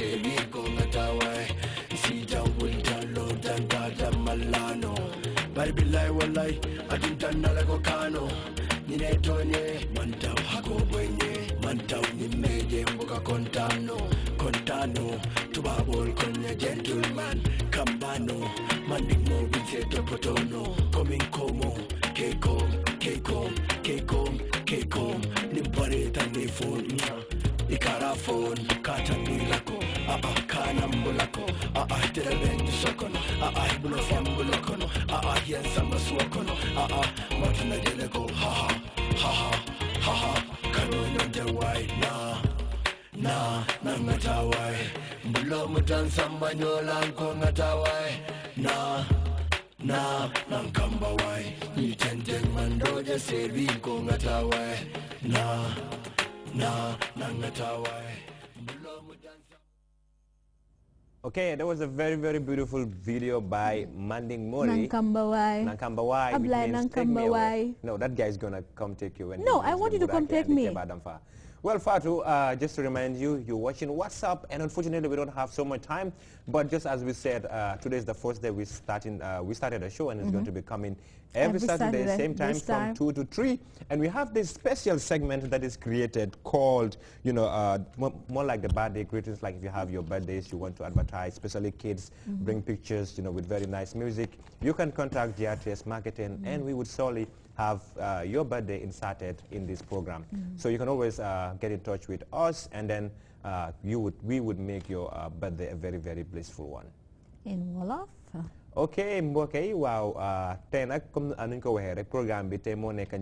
teɗigonga taway sidan wontalo dan dadan mallano bari billahi wallahi adin dannalago kano ñine toñe mantaw hako boyne mantaw ñin meje mboga contano contano tubaɓol konña gentleman kambano manɗigmo ɓinse toppotono dira bendi sokono a go ha ha ha ha ha ha no de wai na na na ngata wai bulo mutan sama na na na ni tenden mando je sebi ko na na na ngata Okay, that was a very, very beautiful video by Manding Mori. Nankambawai. Nankambawai. ablai Nankambawai. No, that guy is going to come take you. When no, I want you to come take me. Well, Fatu, uh, just to remind you, you're watching What's Up, and unfortunately we don't have so much time, but just as we said, uh, today is the first day we, starting, uh, we started the show, and it's mm -hmm. going to be coming every, every Saturday, Saturday, same time, time, from 2 to 3. And we have this special segment that is created called, you know, uh, more, more, like the birthday greetings, like if you have your birthdays, you want to advertise, especially kids, mm -hmm. bring pictures, you know, with very nice music. You can contact GRTS Marketing, mm -hmm. and we would solely have uh, your birthday inserted in this program. Mm So you can always uh, get in touch with us, and then uh, you would, we would make your uh, birthday a very, very blissful one. In Wolof? ok mbokk yi waaw ah, tey nag comme ni ñu ko waxee rek programme bi tey moo nekk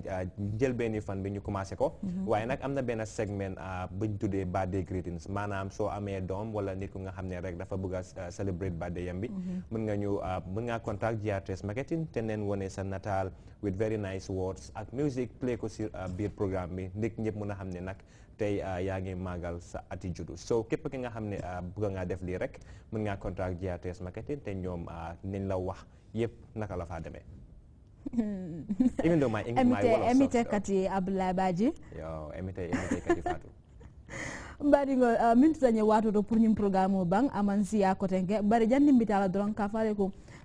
njëlbeeni ah, fan bi ñu commencé ko. Mhm. waaye nag am na benn segment ah, bu ñu tuddee birthday greetings maanaam soo amee doom wala nit ku nga xam ne rek dafa bëgg a celebrate birthday yam bi. Mhm. mën nga ñu mën ngaa contact GRTS marketing te neen wane sa nataal with very nice words ak music play ko si biir programme bi nit ñëpp mën a xam ne nag. tey yaa ngi màggal sa ati juddu so képp ki nga xam ne bëgg ngaa def lii rek mën ngaa contact GRTS marketing te ñoom la wax yëpp naka la faa demee. even though my English my wolof emite kati Abdoulaye Badji. yo emite kati Fatou. mbadi ngo uh, min tutañe watuto pour ñim programme o ban aman siya kotenge bari jandi mbitala doron ka fare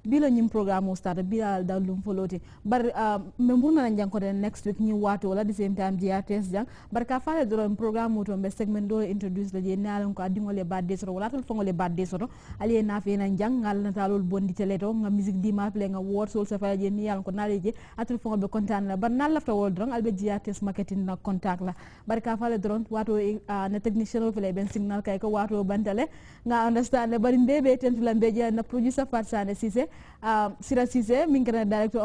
bila ñim programme o stata bila dal lum foloti bar uh, ah, me burna nan janko den next week ñi wato wala the same time GRTS jang bar ka faale do programme o to be segment do introduce la je nalan ko adingole ah, badde soto wala tan fongole badde soto ali na fe nan jang ngal na talol bondi tele to nga musique di ma ple nga wor sol sa faale je ni yalan ko naale je la bar nal lafta wol drong ko wato bantale nga understand le bari mbebe tentu la um, sira director min kana directeur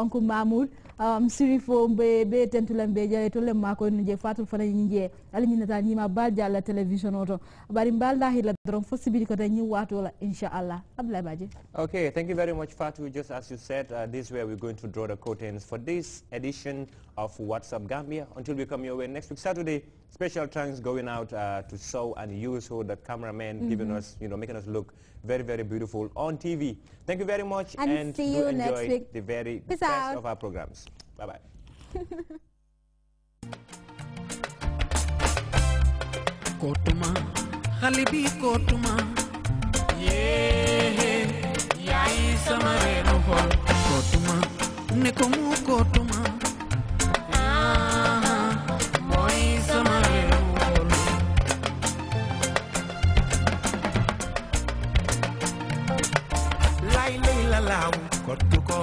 um, siri fo be tentulam be jare tolle mako no je fatul fana nje ala ni nata ni ma bal jalla television oto bari mbal lahi la dron ko tan ni la inshallah abla baje okay thank you very much fatu just as you said uh, this way we're going to draw the curtains for this edition of whatsapp gambia until we come your way next week saturday special thanks going out uh, to show and use who the cameraman mm -hmm. giving mm-hmm. us you know making us look very very beautiful on tv thank you very much and, and see you next week. The very Peace best out. of our programs. Bye bye. ngalaaw kottu ko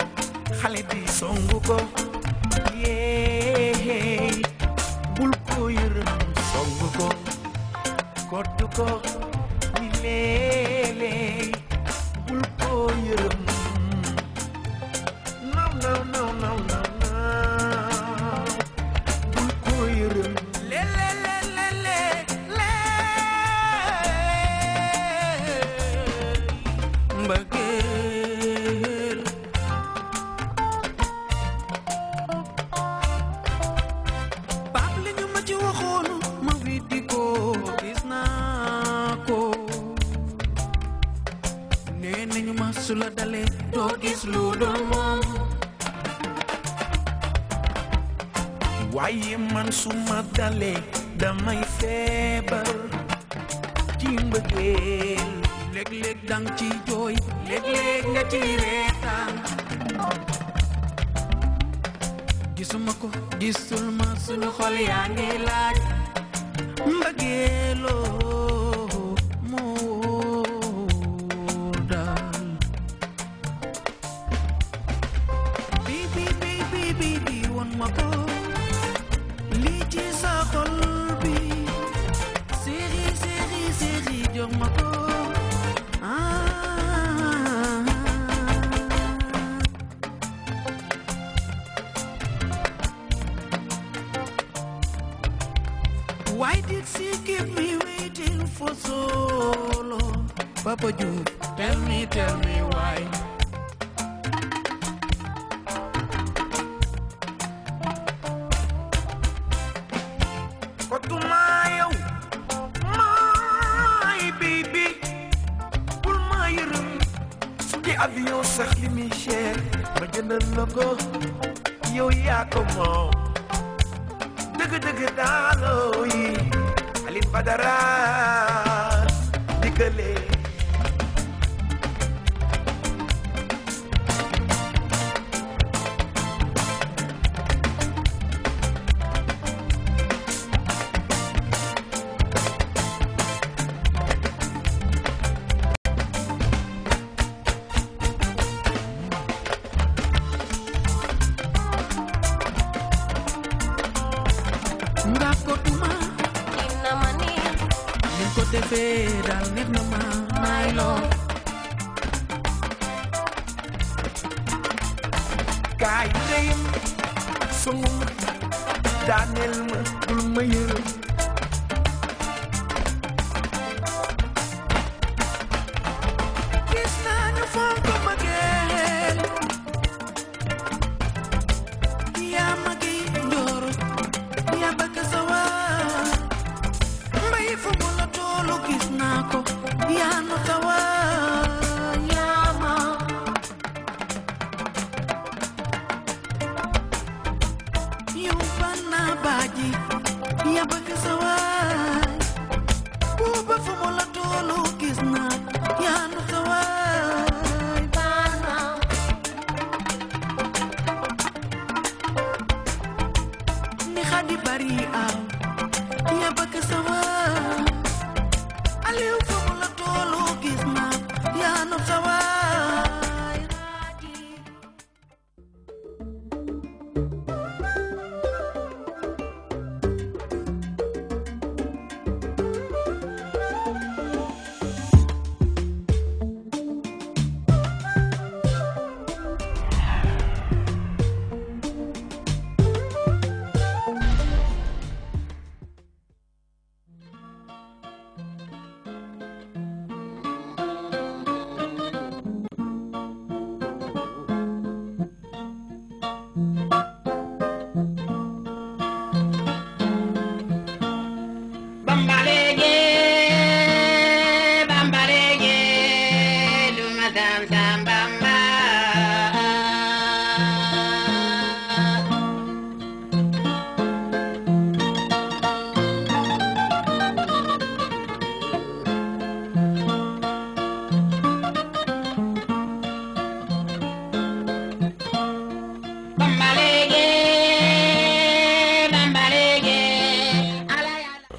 xale bi songu ko yéey bul ko yërëm songu ko kottu ko ni non non su la dalee doo gis lu dul moom waaye man su dalee damay feebar ci mbëggeel léeg-léeg dang ci jooy léeg-léeg nga ci reetaan gisuma ko gisul ma suñu xol yaa ngi laaj mbëggeeloo Why did she keep me waiting for so long? Papa Juve, tell me, tell me why. avion sax li muy cher ma jëndal la ko yow yaa ko moom dëgg-dëgg daalo yi Alioune Badara dikkalee fee daal neex na ma my love kaay ndeyam sungum daaneel ma bul ma yërëm Ah. ba fu mu la nu xawaay baana ni xadi bari aw yaa bëgg sa waay aliw fu mu la toolu gis nu xawaay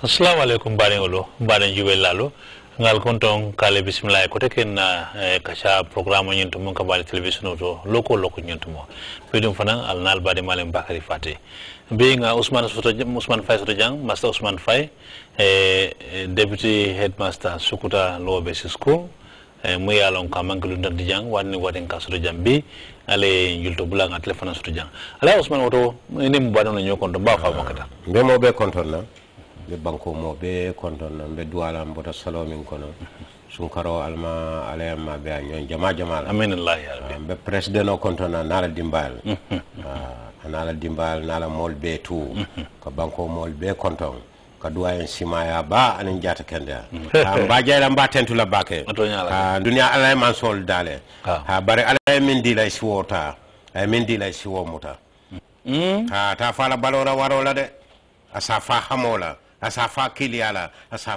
assalamu alaikum baneŋolu baneŋ jubel lalu ngal kon ton kale bisimila e ko teke na eh, kacha programme o to mun ka télévision television to loko loko nyin to mo pedum fana al malen bakari fate be nga fay soto jang masta ousmane fay e eh, eh, deputy headmaster sukuta lobe school e mu yalon ka mankelu ndandi jang wani waden ka soto jang bi ale yulto bula nga telephone soto jang ala usman woto ni mu badono nyokonto ba fa makata be mo be banko mo be konton no mbe duwala mbota salo min kono sunkaro alma alayam ma be a jama jama la amin allah ah, ya rabbi president o konton na nala dimbal ah, nala dimbal nala mol be tu ko banko mol be konton ka duwa en simaya ba anin jata kende ha mba jayla mba tentula bake ha dunya alay man sol dale ha bare alay min dila ta ay min dila siwo muta hmm? ha ta fala balora warola de asa fa hamola a safaa as a